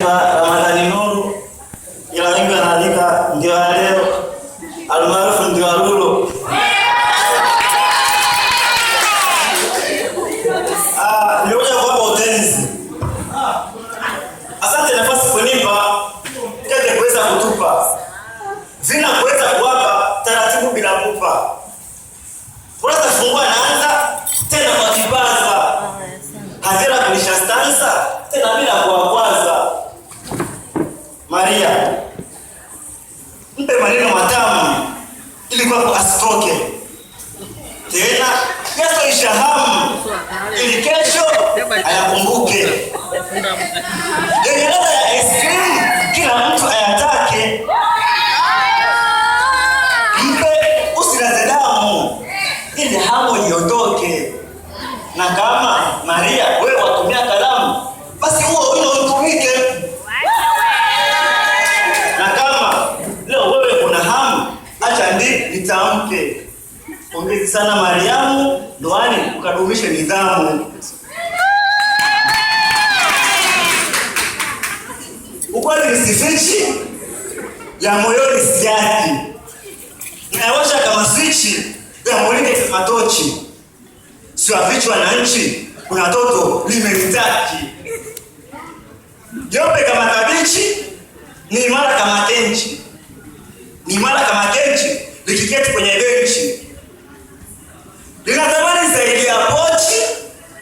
Ramadhani Nuru ila wengi wanaandika ndio leo almaarufu ndio Lulu. Ah, kuwapa utenzi. Asante nafasi kunipa kaje kuweza kutupa. Zina kuweza kuwapa taratibu bila kupa. Kurasa naanza tena kwa kipaza. Hazira kulisha stanza tena bila kuwapa. Maria, mpe maneno matamu ili kwako asitoke tena, yasoisha hamu ili kesho ayakumbuke. Yenye ya ice cream kila mtu ayatake. Mpe usilaze damu ili hamu iondoke, na kama Maria nitamke. Pongezi sana Mariamu, Doani, ukadumishe nidhamu. Ukweli sifichi ya moyoni siaki, inawasha kama swichi ya mulike matochi, siwafichwa na nchi, kuna toto limenitaki jope kama kabichi, ni imara kama kenchi, ni imara kama kenchi likiketi kwenye benchi linatamani zaidi ya pochi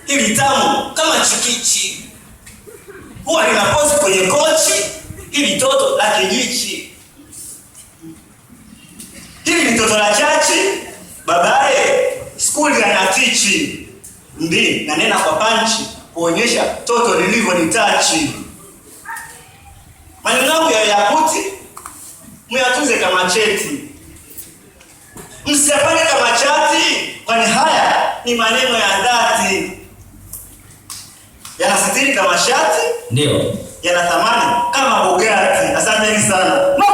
ili tamu kama chikichi, huwa lina pozi kwenye kochi ili toto la kijichi, hili ni toto la chachi, babaye skuli anatichi ndi na nena kwa panchi kuonyesha toto lilivyo ni tachi. Maneno yangu ya yakuti myatunze kama cheti msiyafanye kama chati, kwani haya ni maneno ya dhati, yanasitiri kama shati, ndio yana thamani kama bogati. Asanteni sana.